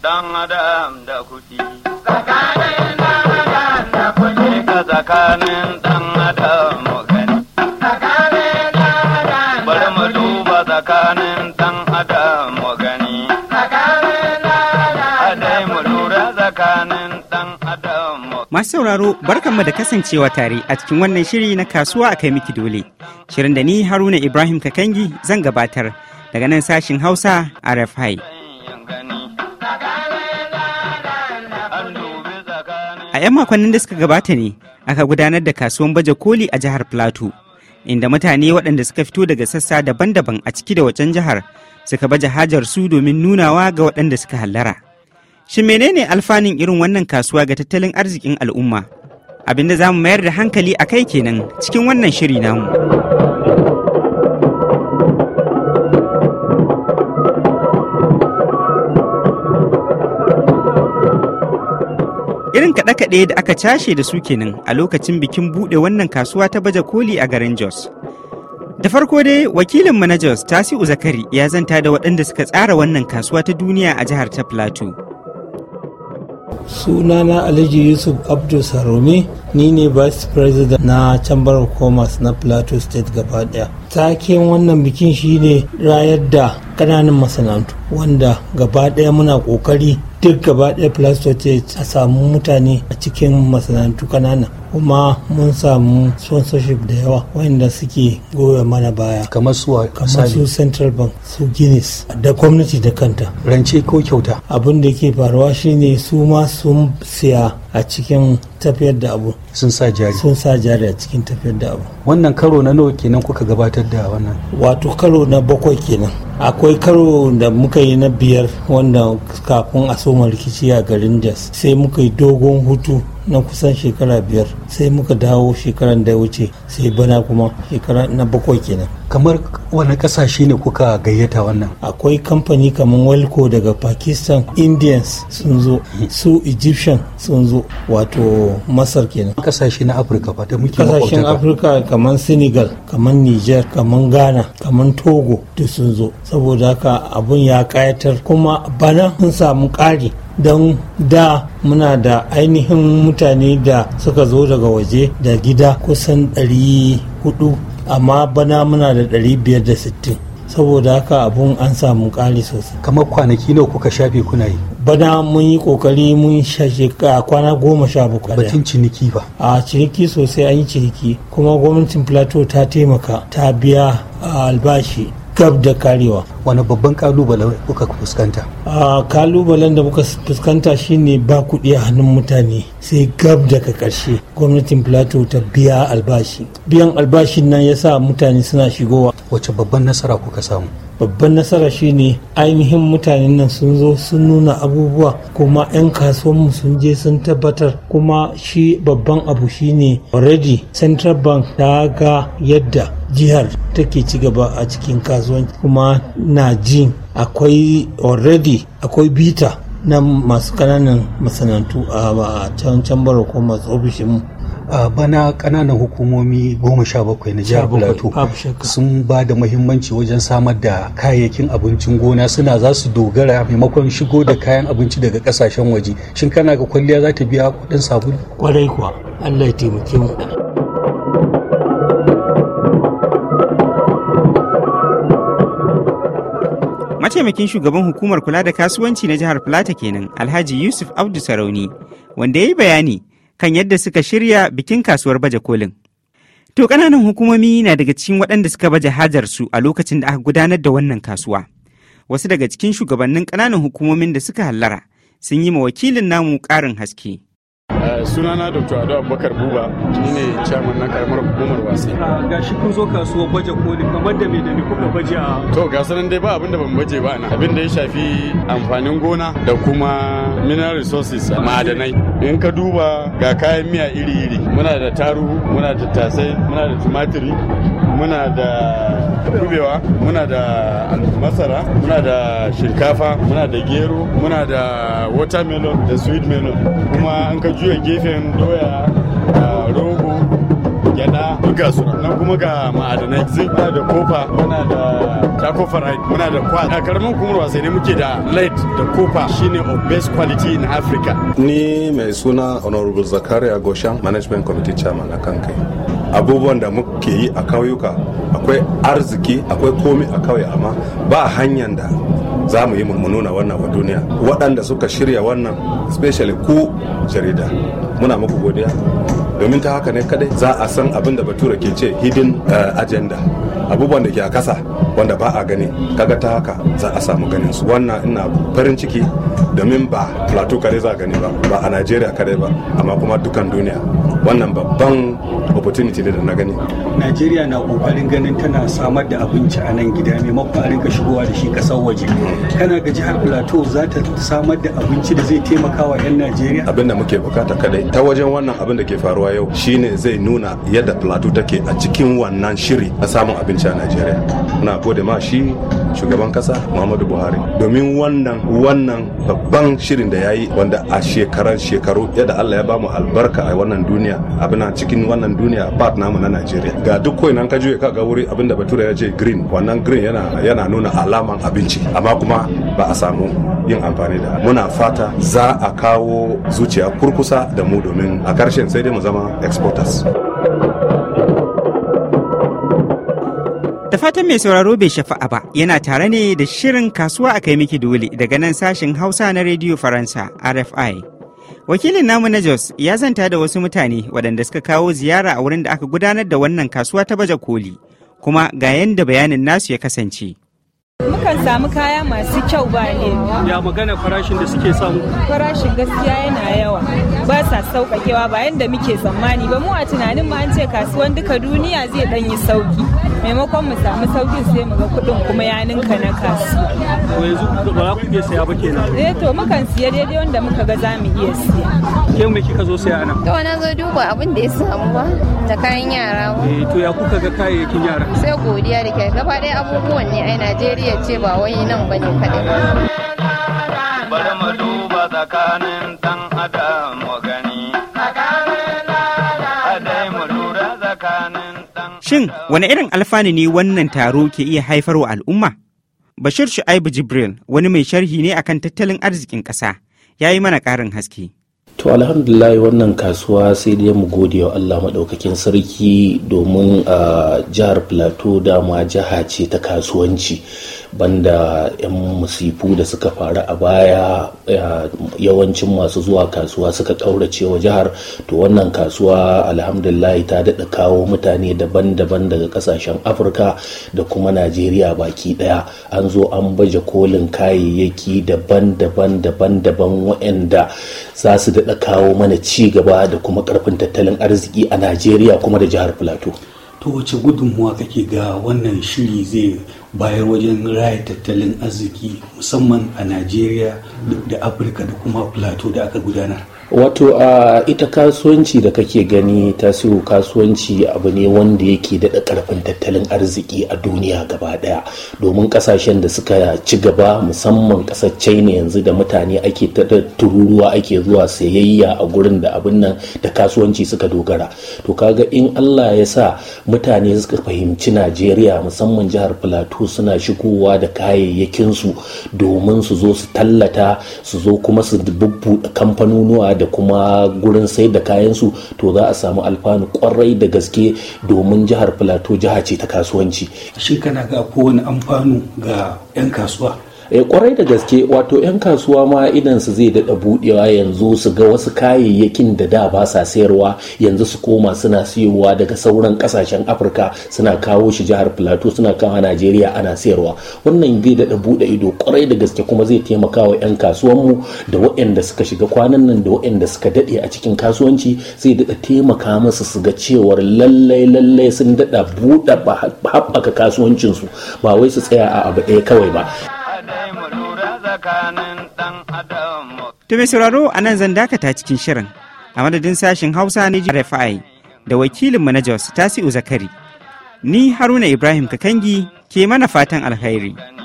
Dan adam da da duba tsakanin Masu sauraro barkanmu da kasancewa tare a cikin wannan shiri na kasuwa a kai miki dole. Shirin da ni Haruna Ibrahim Kakangi zan gabatar daga nan sashin Hausa a A 'yan makonnin da suka gabata ne aka gudanar da kasuwan baje koli a jihar Plateau, inda mutane waɗanda suka fito daga sassa daban-daban a ciki da wajen jihar suka baje hajar su domin nunawa ga waɗanda suka hallara. Shin menene alfanin irin wannan kasuwa ga tattalin arzikin al'umma? Abinda za mu mayar da hankali a kai kenan cikin wannan shiri namu. kaɗe-kaɗe da aka cashe da su kenan a lokacin bikin buɗe wannan kasuwa ta baje koli a garin Jos. Da farko dai wakilin manajos Tasi'u Zakari ya zanta da waɗanda suka tsara wannan kasuwa ta duniya a jihar ta Plateau. sunana alhaji yusuf abdul sarumi ni ne vice president na chamber of commerce na plateau state gaba daya taken wannan bikin shine rayar da ƙananan masana'antu wanda gaba ɗaya muna ƙoƙari. duk gaba ɗaya plasto ce a samu mutane a cikin masana'antu kanana kuma mun samu sponsorship da yawa wanda suke goya mana baya kamar su kamar su central bank su guinness da gwamnati da kanta rance ko kyauta abin da ke faruwa shine su ma sun siya a cikin tafiyar da abu sun sa jari sun sa jari a cikin tafiyar da abu wannan karo na nawa kenan kuka gabatar da wannan wato karo na bakwai kenan akwai karo da muka yi na biyar wanda kafin a soma rikici a garin jas sai muka yi dogon hutu na kusan shekara biyar sai muka dawo shekaran da ya wuce sai bana kuma shekara na bakwai kenan kamar wani kasashe ne kuka gayyata wannan akwai kamfani kamar walco daga pakistan indians sun zo su egyptian sun zo wato masar kenan kasashe na afirka ba da muke kasashen afirka kamar senegal kamar niger kamar ghana kamar togo duk sun zo saboda haka abun ya kayatar kuma bana sun samu kari don da muna da ainihin mutane da suka zo daga waje da gida kusan 400 amma bana muna da 560 saboda haka abun an samu ƙari sosai kamar kwanaki nawa kuka shafe kuna yi bana mun yi kokari mun shashe kwana goma sha bakwai batun ciniki ba a ciniki sosai an yi ciniki kuma gwamnatin plateau ta taimaka ta biya albashi gab da karewa wani babban kalubale kuka fuskanta a kalubalen da muka fuskanta shine ba kuɗi a hannun mutane sai gab daga ƙarshe gwamnatin plateau ta biya albashi biyan albashin nan yasa mutane suna shigowa wace babban nasara kuka samu babban nasara shine ainihin mutanen nan sun zo sun nuna abubuwa kuma 'yan mu sun je sun tabbatar kuma shi babban abu shine already central bank ta ga yadda jihar take ci gaba a cikin kasuwanci kuma na jin akwai already akwai bita na masu kananan masana'antu a can can bara ko masu ofishinmu a bana kananan hukumomi goma sha bakwai na jihar plateau sun ba da muhimmanci wajen samar da kayayyakin abincin gona suna za su dogara maimakon shigo da kayan abinci daga kasashen waje shin kana ga kwalliya za ta biya kudin sabulu kwarai kuwa allah ya taimake mu mataimakin shugaban hukumar kula da kasuwanci na jihar Filata kenan alhaji yusuf abdu sarauni wanda ya yi bayani kan yadda suka shirya bikin kasuwar baje kolin. To ƙananan hukumomi na daga cikin waɗanda suka baje hajarsu a lokacin da aka gudanar da wannan kasuwa. Wasu daga cikin shugabannin ƙananan hukumomin da suka hallara sun yi ma wakilin namu ƙarin haske. Eh, sunana dr ado abubakar buba ni ne chairman na karamar hukumar wasi ah, ga shi kun zo kasuwa baje koli kamar da me da kuka baje a to ga sanan dai ba abinda ban baje ba na abin ya shafi amfanin gona da kuma mineral resources ma'adanai in ka duba ga kayan miya iri-iri muna da taru, muna da tasai muna da tumatiri muna da kubewa, muna da masara muna da shinkafa muna da gero muna da watermelon da sweet melon kuma an ka juya gefen doya rogo gyada duka suna nan kuma ga ma'adanai zai muna da kofa muna da tacoferite muna da kwal a karamin kuma wasai ne muke da light da kofa shine of best quality in africa ni mai suna honorable zakaria goshan management committee chairman na kan kai abubuwan da muke yi a kauyuka akwai arziki akwai komi a kauye amma ba hanyar da za mu yi mu nuna wannan wa duniya waɗanda suka shirya wannan especially ku jarida muna muku godiya domin ta haka ne kadai za a san abin da bature ke ce hidden eh, agenda abubuwan da ke a kasa wanda ba a gani kaga ta haka za a samu ganin su wannan ina farin ciki domin ba plateau kare za a gani ba ba a nigeria kare ba amma kuma dukan duniya wannan babban opportunity da na gani najeriya na kokarin ganin tana samar da abinci a nan gida ne a rinka shigowa da shi kasar waje kana ga jihar plateau za ta samar da abinci da zai taimaka wa 'yan najeriya abin da muke bukata kadai ta wajen wannan abin da ke faruwa yau shine zai nuna yadda plateau take a cikin wannan shiri na samun abinci a najeriya muna gode ma shi shugaban kasa muhammadu buhari domin wannan wannan babban shirin da ya yi wanda a shekaran shekaru yadda allah ya bamu albarka a wannan duniya abin cikin wannan duniya part namu na najeriya ga duk koyi nan ka juye ka ga wuri abinda batura bature ya ce green wannan green yana yana nuna alaman abinci amma kuma ba a samu yin amfani da muna fata za a kawo zuciya kurkusa da mu domin a karshen sai dai mu zama exporters Da fatan mai sauraro bai shafa'a ba yana tare ne da shirin kasuwa a kai miki dole daga nan sashen Hausa na rediyo Faransa RFI. Wakilin namu na Jos ya zanta da wasu mutane waɗanda suka kawo ziyara a wurin da aka gudanar da wannan kasuwa ta baje koli kuma ga yadda bayanin nasu ya kasance. Mukan samu kaya masu kyau ba ne. Ya magana farashin da suke samu? Farashin gaskiya yana yawa. Ba sa sauƙaƙewa ba yadda muke tsammani ba mu a tunanin ma an ce kasuwan duka duniya zai ɗan yi sauƙi. maimakon mu samu sauƙin sai mu ga kuɗin kuma ya ninka na kasu to yanzu ba za ku iya saya ba kenan eh to mukan siya daidai wanda muka ga za mu iya siya ke mu kika zo saya nan to na zo duba abin da ya samu ba da kayan yara eh to ya kuka ga kayayyakin yara sai godiya da kyau gaba ɗaya abubuwan ne ai Najeriya ce ba wai nan bane kaɗai ba bari mu duba tsakanin dan adam Shin wani irin alfanu ne wannan taro ke iya haifarwa al'umma? Bashir Shu'aibu Jibril wani mai sharhi ne akan tattalin arzikin ƙasa ya yi mana ƙarin haske. To alhamdulillah wannan kasuwa sai dai mu gode wa Allah maɗaukakin sarki domin a ah, jihar Plateau dama jiha ce ta kasuwanci. banda 'yan musifu da suka faru a baya yawancin masu zuwa kasuwa suka ƙaurace wa jihar to wannan kasuwa alhamdulillah ta daɗa kawo mutane daban-daban daga ƙasashen afirka da kuma najeriya baki ɗaya an zo an baje kolin kayayyaki daban-daban daban-daban wa'anda za su daɗa kawo mana ci gaba da kuma ƙarfin tattalin arziki a najeriya kuma da jihar plateau to wace gudunmuwa kake ga wannan shiri zai bayar wajen raya tattalin arziki musamman a najeriya da afirka da kuma plateau da aka gudanar wato a uh, ita kasuwanci da kake gani ta tasiru kasuwanci abu ne wanda yake daɗa ƙarfin tattalin arziki a duniya gaba ɗaya domin ƙasashen da suka ci gaba musamman ƙasar china yanzu da mutane ake tururuwa ake zuwa sayayya a gurin da abin nan da kasuwanci suka dogara to kaga in allah ya sa mutane suka fahimci najeriya musamman jihar plateau suna shigowa da kayayyakinsu domin su zo su tallata su zo kuma su bubbuɗe kamfanonuwa da kuma gurin sayar da kayansu to za a samu alfanu kwarai da gaske domin jihar plateau jiha ce ta kasuwanci shi kana ga kowane amfanu ga 'yan kasuwa eh kwarai da gaske wato 'yan kasuwa ma idan su zai daɗa buɗewa yanzu su ga wasu kayayyakin da da ba sa sayarwa yanzu su koma suna siyowa daga sauran ƙasashen afirka suna kawo shi jihar plateau suna kawo najeriya ana sayarwa wannan zai daɗa buɗe ido kwarai da gaske kuma zai taimaka wa 'yan kasuwanmu da waɗanda suka shiga kwanan nan da waɗanda suka daɗe a cikin kasuwanci zai daɗa taimaka musu su ga cewar lallai lallai sun daɗa buɗe haɓaka kasuwancinsu ba wai su tsaya a abu ɗaya kawai ba tsakanin ɗan adam. To mai sauraro a nan zan dakata cikin shirin a madadin sashen Hausa na RFI da wakilin mu na Jos Tasi'u Zakari. Ni Haruna Ibrahim Kakangi ke mana fatan alkhairi.